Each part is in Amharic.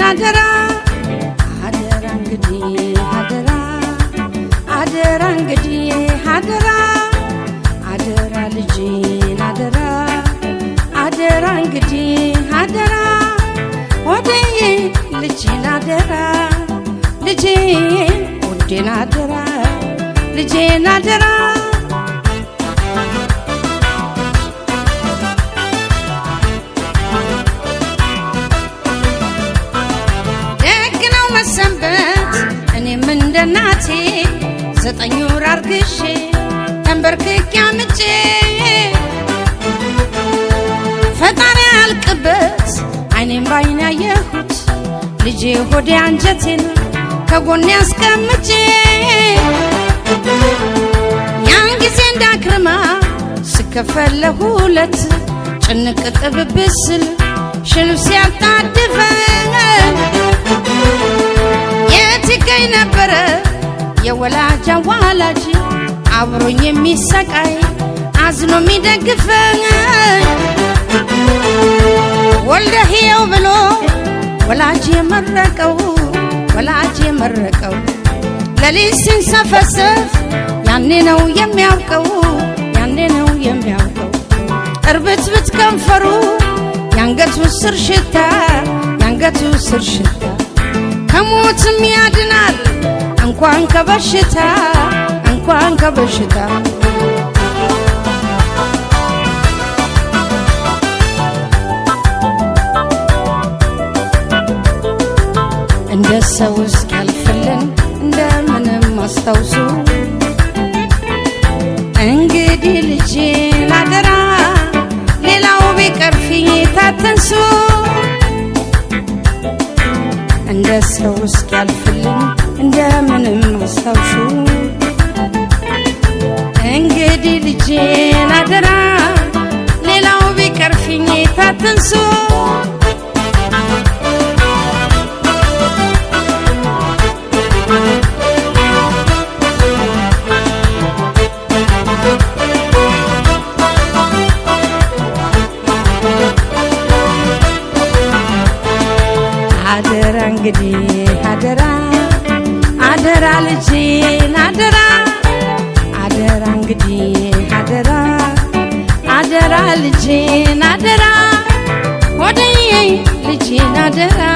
নাজরা ይዤ ሆዴ አንጀቴን ከጎኔ አስቀምጬ ያን ጊዜ እንዳክርማ ስከፈል ለሁለት ጭንቅ ጥብብስ ስል ሽልብ ሲያጣድፈ የት ይገኝ ነበረ የወላጅ አዋላጅ አብሮኝ የሚሰቃይ አዝኖ የሚደግፈ ወልደህየው ብሎ ወላጅ የመረቀው ወላጅ የመረቀው ለሊት ሲንሰፈሰፍ ያኔ ነው የሚያውቀው ያኔ ነው የሚያውቀው እርብት ብትከንፈሩ ከንፈሩ ያንገቱ ስር ሽታ ያንገቱ ስር ሽታ ከሞትም ያድናል እንኳን ከበሽታ እንኳን ከበሽታ እንደ ሰው ውስጥ ያልፍልን እንደምንም አስታውሱ እንግዲህ ልጄን አደራ ሌላው ቢቀርፍኝ ታተንሱ። እንደ ሰው ውስጥ ያልፍልን እንደምንም አስታውሱ እንግዲህ ልጄን አደራ ሌላው ቢቀርፍኝ ታተንሱ። that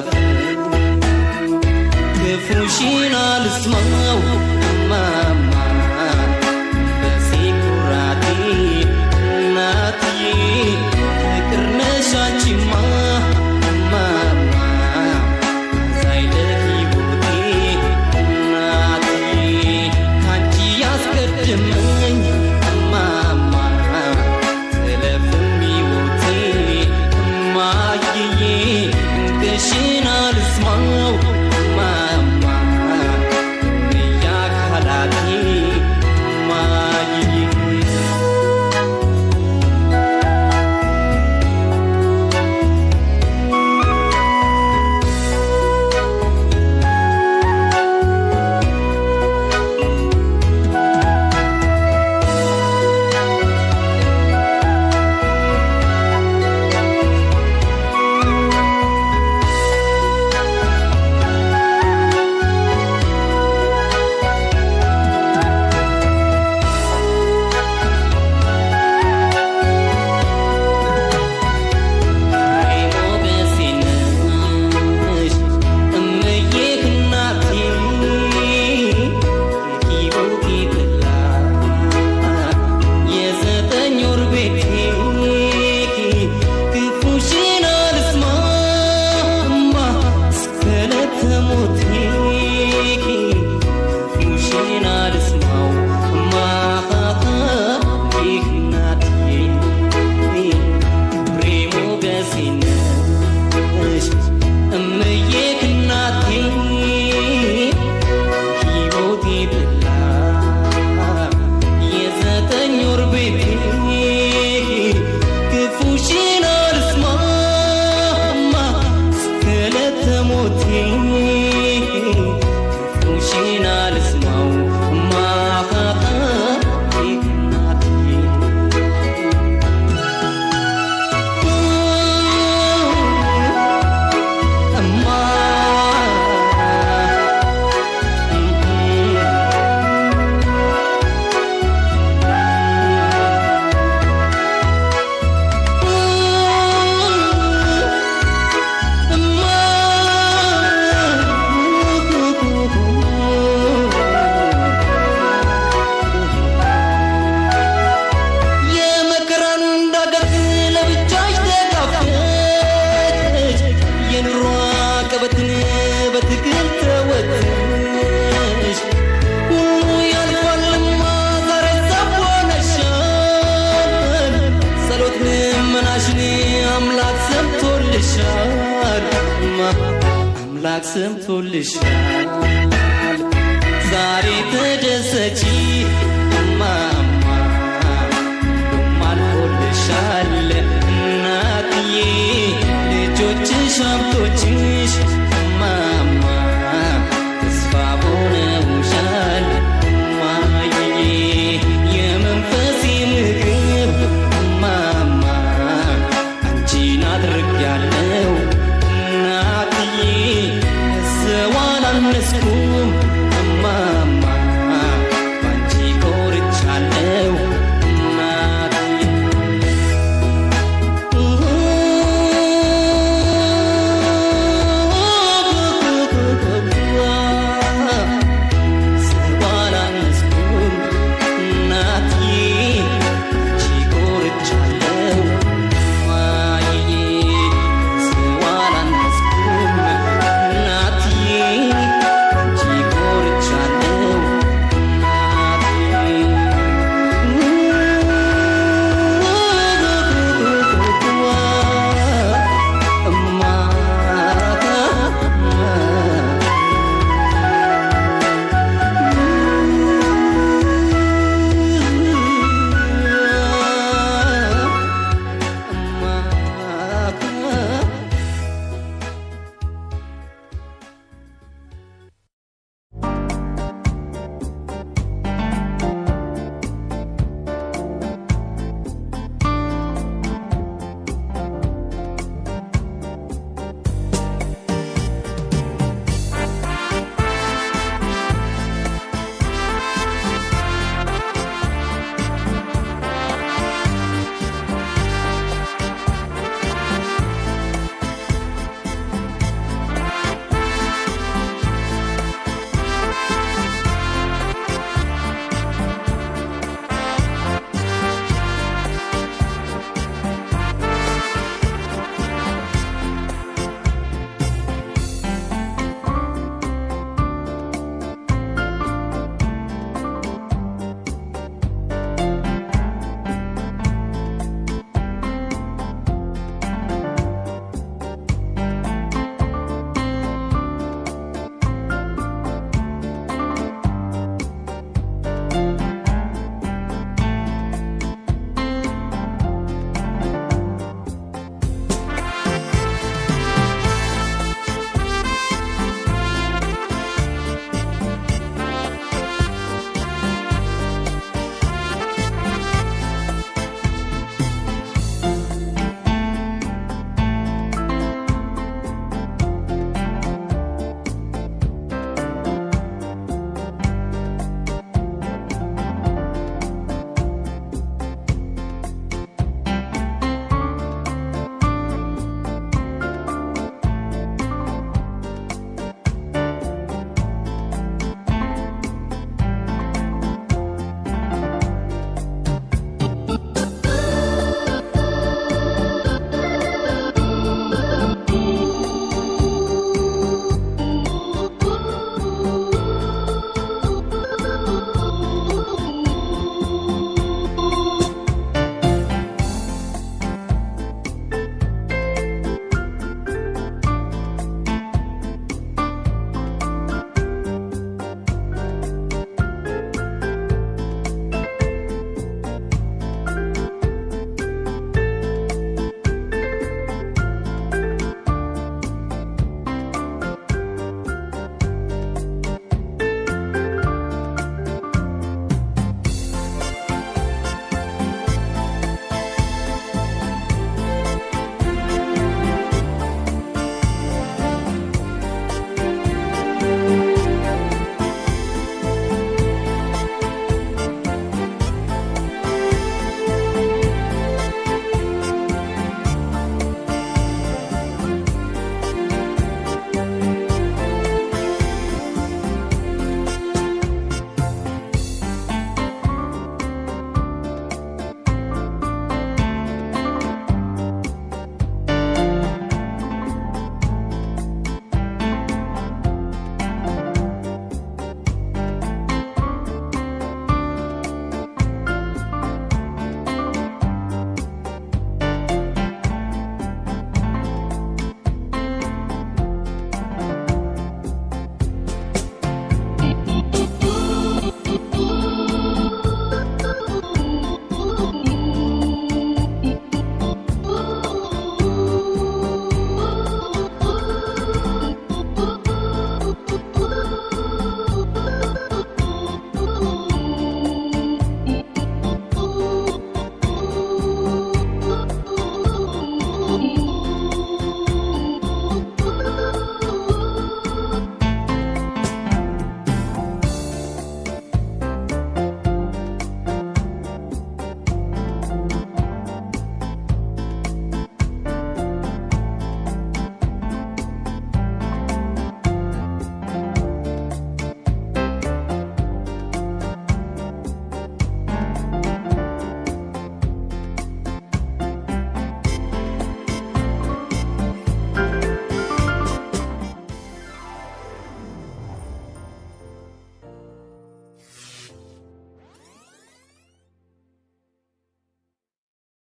love. بتقل توترش كله يرفع المنظر الزبون الشان صلوتني من عشني أملاك سمتو للشان أملاك سمتو للشان زاري تدسجي أما أما دمان كل شان እናትዬ ልጆችሽ ሀብቶችሽ